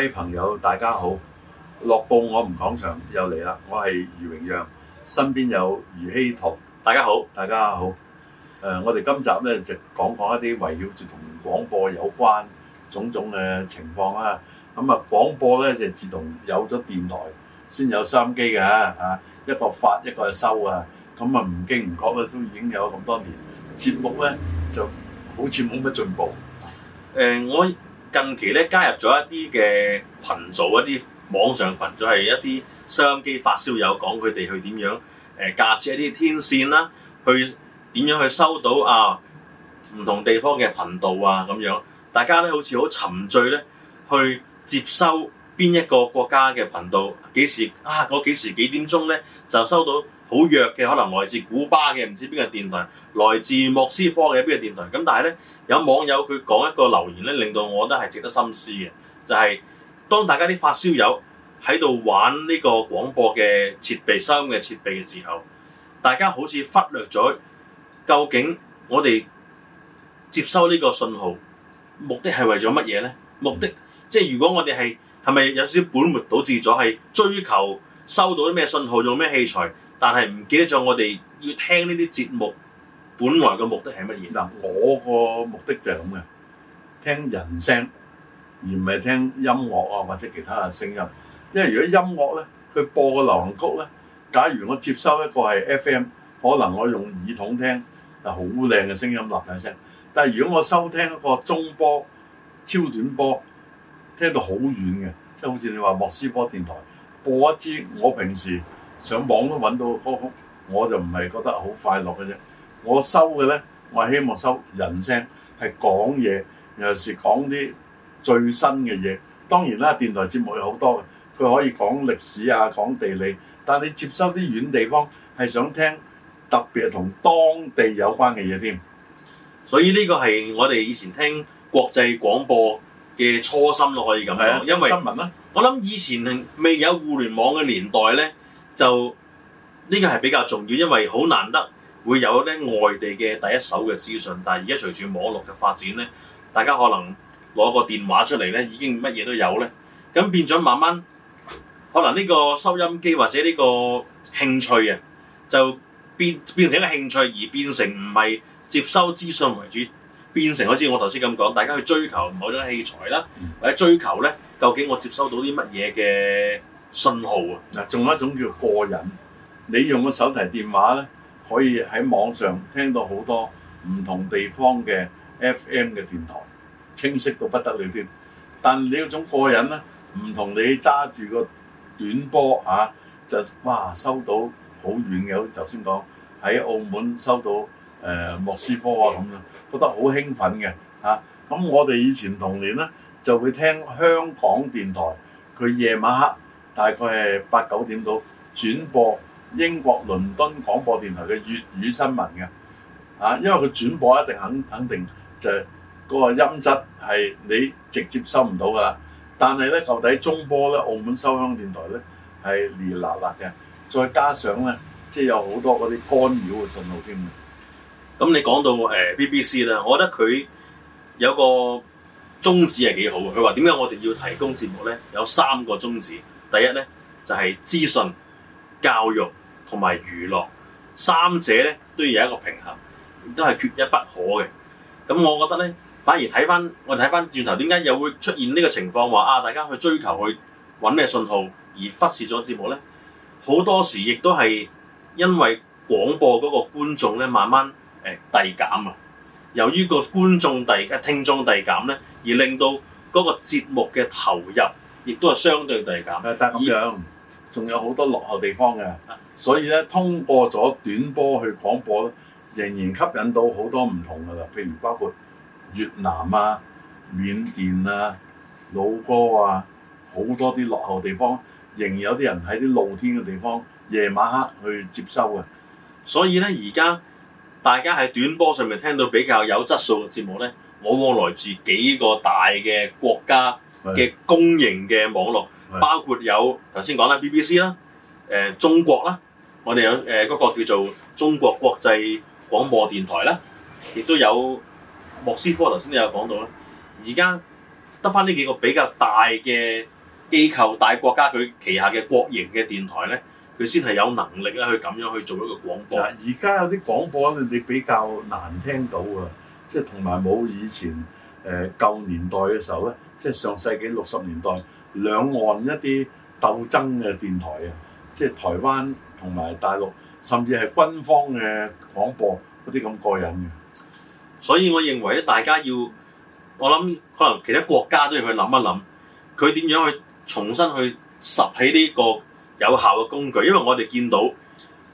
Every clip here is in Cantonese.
各位朋友，大家好！樂報我哋講場又嚟啦，我係余榮陽，身邊有余希圖，大家好，大家好。誒，我哋今集呢就講講一啲圍繞住同廣播有關種種嘅情況啦。咁啊，廣播呢就自從有咗電台，先有收音機噶吓，一個發一個收啊。咁啊，唔經唔覺啊，都已經有咁多年節目呢，就好似冇乜進步。誒，我。近期咧加入咗一啲嘅群組，一啲網上群組係一啲收音機發燒友，講佢哋去點樣誒、呃、架設一啲天線啦，去點樣去收到啊唔同地方嘅頻道啊咁樣，大家咧好似好沉醉咧去接收邊一個國家嘅頻道，幾時啊嗰幾時幾點鐘咧就收到。好弱嘅，可能來自古巴嘅唔知邊個電台，來自莫斯科嘅邊個電台。咁但係咧，有網友佢講一個留言咧，令到我都係值得深思嘅。就係、是、當大家啲發燒友喺度玩呢個廣播嘅設備、收音嘅設備嘅時候，大家好似忽略咗究竟我哋接收呢個信號目的係為咗乜嘢咧？目的即係如果我哋係係咪有少少本末倒置咗？係追求收到啲咩信號，用咩器材？但係唔記得咗，我哋要聽呢啲節目，本來嘅目的係乜嘢？嗱，我個目的就係咁嘅，聽人聲，而唔係聽音樂啊或者其他嘅聲音。因為如果音樂咧，佢播個流行曲咧，假如我接收一個係 FM，可能我用耳筒聽，啊好靚嘅聲音，立體聲。但係如果我收聽一個中波、超短波，聽到遠好遠嘅，即係好似你話莫斯科電台播一支我平時。上網都揾到，我我就唔係覺得好快樂嘅啫。我收嘅呢，我係希望收人聲，係講嘢，尤其係講啲最新嘅嘢。當然啦，電台節目有好多嘅，佢可以講歷史啊，講地理。但係你接收啲遠地方，係想聽特別係同當地有關嘅嘢添。所以呢個係我哋以前聽國際廣播嘅初心咯，可以咁講。係啊，因為新聞咧。我諗以前未有互聯網嘅年代呢。就呢個係比較重要，因為好難得會有咧外地嘅第一手嘅資訊。但係而家隨住網絡嘅發展咧，大家可能攞個電話出嚟咧，已經乜嘢都有咧。咁變咗慢慢，可能呢個收音機或者呢個興趣啊，就變變成一個興趣，而變成唔係接收資訊為主，變成好似我頭先咁講，大家去追求某種器材啦，或者追求咧究竟我接收到啲乜嘢嘅。信號啊！嗱，仲有一種叫過癮，你用個手提電話咧，可以喺網上聽到好多唔同地方嘅 FM 嘅電台，清晰到不得了添。但你嗰種過癮咧，唔同你揸住個短波啊，就哇收到好遠嘅，好似頭先講喺澳門收到誒莫斯科啊咁樣，覺得好興奮嘅嚇。咁我哋以前童年咧就會聽香港電台，佢夜晚黑。大概係八九點到轉播英國倫敦廣播電台嘅粵語新聞嘅，啊，因為佢轉播一定肯肯定就係嗰個音質係你直接收唔到噶啦。但係咧，究底中波咧，澳門收音電台呢咧係熱辣辣嘅，再加上咧即係有好多嗰啲干擾嘅信號添。咁你講到誒 BBC 咧，我覺得佢有個宗旨係幾好嘅。佢話點解我哋要提供節目咧？有三個宗旨。第一咧就係資訊、教育同埋娛樂三者咧都要有一個平衡，都係缺一不可嘅。咁我覺得咧，反而睇翻我哋睇翻轉頭，點解又會出現呢個情況話啊？大家去追求去揾咩信號，而忽視咗節目咧？好多時亦都係因為廣播嗰個觀眾咧慢慢誒遞減啊，由於個觀眾遞聽眾遞減咧，而令到嗰個節目嘅投入，亦都係相對遞減，咁樣仲以有好多落後地方嘅，啊、所以咧通過咗短波去廣播，仍然吸引到好多唔同嘅，譬如包括越南啊、緬甸啊、老撾啊，好多啲落後地方，仍然有啲人喺啲露天嘅地方夜晚黑去接收嘅。所以咧，而家大家喺短波上面聽到比較有質素嘅節目咧，往往來自幾個大嘅國家。嘅公營嘅網絡，的包括有頭先講啦，BBC 啦、呃，誒中國啦，我哋有誒嗰、呃嗰個叫做中國國際廣播電台啦，亦都有莫斯科頭先都有講到啦。而家得返呢幾個比較大嘅機構、大國家佢旗下嘅國營嘅電台咧，佢先係有能力咧去咁樣去做一個廣播。而家有啲廣播咧，你比較難聽到啊，即係同埋冇以前誒舊、呃、年代嘅時候咧。即係上世紀六十年代，兩岸一啲鬥爭嘅電台啊，即係台灣同埋大陸，甚至係軍方嘅廣播嗰啲咁過癮嘅。所以，我認為咧，大家要，我諗可能其他國家都要去諗一諗，佢點樣去重新去拾起呢個有效嘅工具，因為我哋見到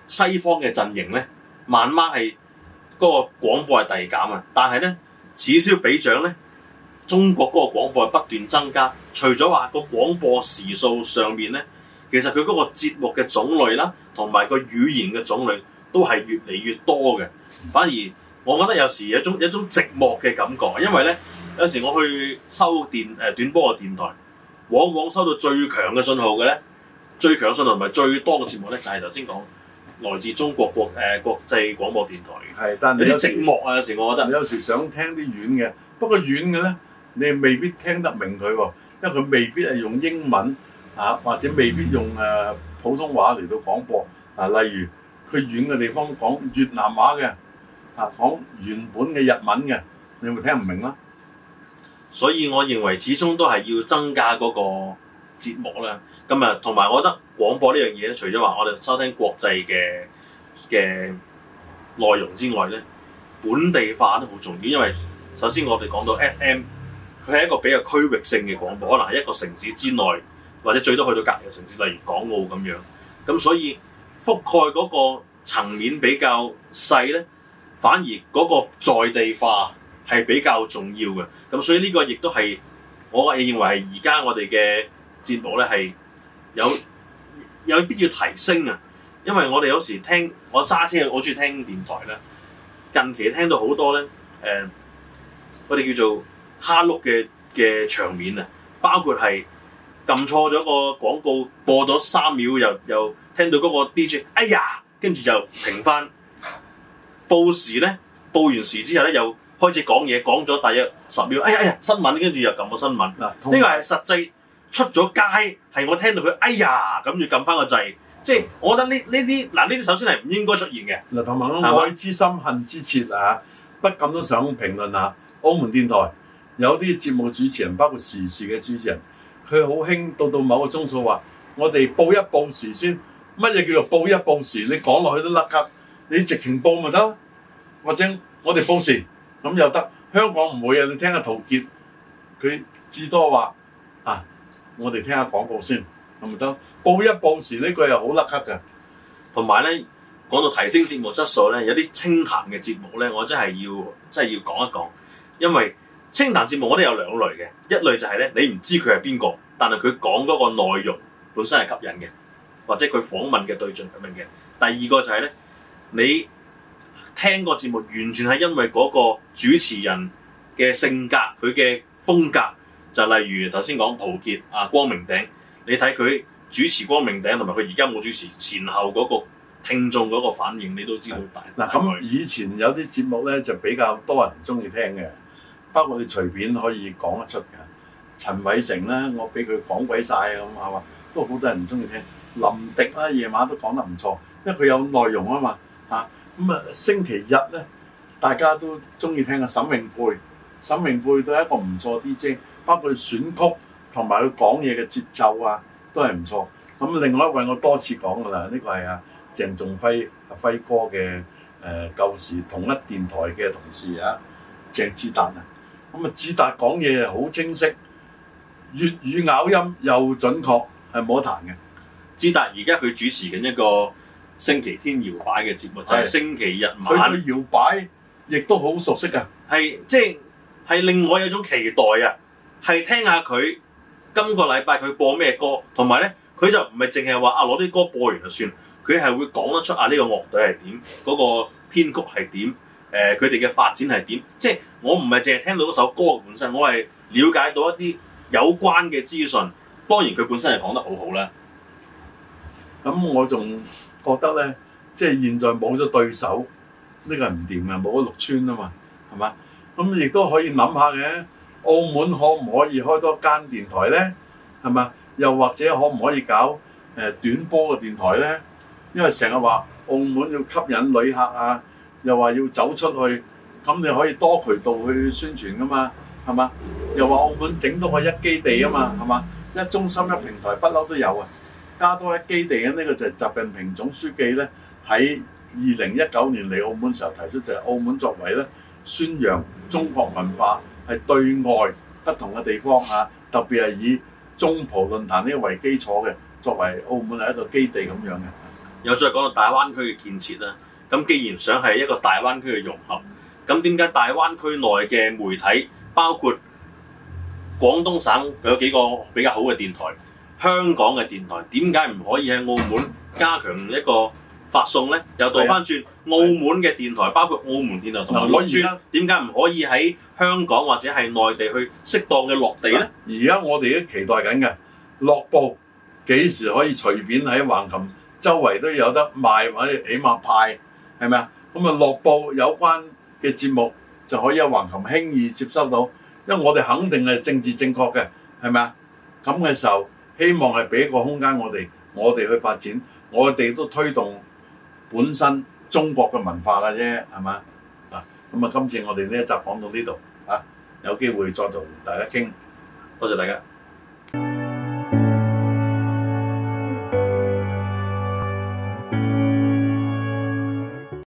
西方嘅陣營咧，慢慢係嗰個廣播係遞減啊，但係咧此消彼長咧。中國嗰個廣播係不斷增加，除咗話個廣播時數上面咧，其實佢嗰個節目嘅種類啦，同埋個語言嘅種類都係越嚟越多嘅。反而我覺得有時有一種一種寂寞嘅感覺，因為咧有時我去收電誒、呃、短波嘅電台，往往收到最強嘅信號嘅咧，最強嘅信號同埋最多嘅節目咧，就係頭先講來自中國國誒、呃、國際廣播電台嘅。係，但係你寂寞啊，有時我覺得你有時想聽啲遠嘅，不過遠嘅咧。你未必聽得明佢喎、哦，因為佢未必係用英文啊，或者未必用誒、啊、普通話嚟到廣播啊。例如佢遠嘅地方講越南話嘅啊，講原本嘅日文嘅，你會聽唔明啦。所以我認為始終都係要增加嗰個節目啦。咁啊，同埋我覺得廣播呢樣嘢咧，除咗話我哋收聽國際嘅嘅內容之外咧，本地化都好重要，因為首先我哋講到 FM 佢係一個比較區域性嘅廣播，可能喺一個城市之內，或者最多去到隔離嘅城市，例如港澳咁樣。咁所以覆蓋嗰個層面比較細咧，反而嗰個在地化係比較重要嘅。咁所以呢個亦都係我認為係而家我哋嘅節目咧係有有必要提升啊！因為我哋有時聽我揸車，我中意聽電台咧。近期聽到好多咧，誒、呃，我哋叫做～哈碌嘅嘅場面啊，包括係撳錯咗個廣告，播咗三秒又又聽到嗰個 DJ，哎呀，跟住就停翻報時咧，報完時之後咧又開始講嘢，講咗大約十秒，哎呀哎呀新聞，跟住又撳個新聞嗱，呢個係實際出咗街係我聽到佢哎呀，跟住撳翻個掣，即係我覺得呢呢啲嗱呢啲首先係唔應該出現嘅嗱，同埋、嗯，東愛之深恨之切啊，不禁都想評論下澳門電台。有啲節目主持人，包括時事嘅主持人，佢好興到到某個鐘數話：我哋報一報時先。乜嘢叫做報一報時？你講落去都甩咳，你直情報咪得？或者我哋報時咁又得。香港唔會啊！你聽下陶傑，佢至多話啊，我哋聽下廣告先，咁咪得。報一報時、這個、呢個又好甩咳㗎。同埋咧，講到提升節目質素咧，有啲清談嘅節目咧，我真係要真係要講一講，因為。清談節目我哋有兩類嘅，一類就係咧，你唔知佢係邊個，但係佢講嗰個內容本身係吸引嘅，或者佢訪問嘅對象明嘅。第二個就係咧，你聽個節目完全係因為嗰個主持人嘅性格、佢嘅風格，就例如頭先講陶傑啊、光明頂，你睇佢主持光明頂同埋佢而家冇主持前後嗰個聽眾嗰個反應，你都知道大。嗱咁，他以前有啲節目咧就比較多人中意聽嘅。包括你隨便可以講得出嘅，陳偉成咧，我俾佢講鬼曬咁，係嘛，都好多人唔中意聽。林迪啦，夜晚都講得唔錯，因為佢有內容啊嘛嚇。咁啊，星期日咧，大家都中意聽嘅沈明佩，沈明佩都係一個唔錯 DJ，包括選曲同埋佢講嘢嘅節奏啊，都係唔錯。咁另外一位我多次講噶啦，呢、這個係阿、啊、鄭仲輝阿輝哥嘅誒、呃、舊時同一電台嘅同事啊，鄭志達啊。咁啊，志達講嘢好清晰，粵語咬音又準確，係冇得彈嘅。志達而家佢主持緊一個星期天搖擺嘅節目，係就係星期日晚。佢搖擺，亦都好熟悉㗎。係即係令我有種期待啊！係聽下佢今個禮拜佢播咩歌，同埋咧佢就唔係淨係話啊攞啲歌播完就算，佢係會講得出啊呢個樂隊係點，嗰個編曲係點。誒佢哋嘅發展係點？即係我唔係淨係聽到嗰首歌嘅本身，我係了解到一啲有關嘅資訊。當然佢本身係講得好好啦。咁、嗯、我仲覺得咧，即係現在冇咗對手，呢、呢個唔掂嘅，冇咗六川啊嘛，係嘛？咁亦都可以諗下嘅，澳門可唔可以開多間電台咧？係嘛？又或者可唔可以搞誒、呃、短波嘅電台咧？因為成日話澳門要吸引旅客啊！又話要走出去，咁你可以多渠道去宣傳噶嘛，係嘛？又話澳門整到個一基地啊嘛，係嘛？一中心、一平台，不嬲都有啊。加多一基地咧，呢、呢個就係習近平總書記呢，喺二零一九年嚟澳門時候提出，就係澳門作為咧宣揚中國文化係對外不同嘅地方啊，特別係以中葡論壇呢為基礎嘅，作為澳門係一個基地咁樣嘅、啊。有再講到大灣區嘅建設啦。咁既然想係一個大灣區嘅融合，咁點解大灣區內嘅媒體，包括廣東省有幾個比較好嘅電台，香港嘅電台，點解唔可以喺澳門加強一個發送呢？啊、又倒翻轉澳門嘅電台，啊、包括澳門電台同埋，點解唔可以喺香港或者係內地去適當嘅落地呢？而家我哋都期待緊嘅，樂報幾時可以隨便喺橫琴周圍都有得賣或者起碼派？係咪啊？咁啊，落播有關嘅節目就可以橫行輕易接收到，因為我哋肯定係政治正確嘅，係咪啊？咁嘅時候，希望係俾個空間我哋，我哋去發展，我哋都推動本身中國嘅文化喇啫，係咪？啊，咁啊，今次我哋呢一集講到呢度，啊，有機會再同大家傾，多謝大家。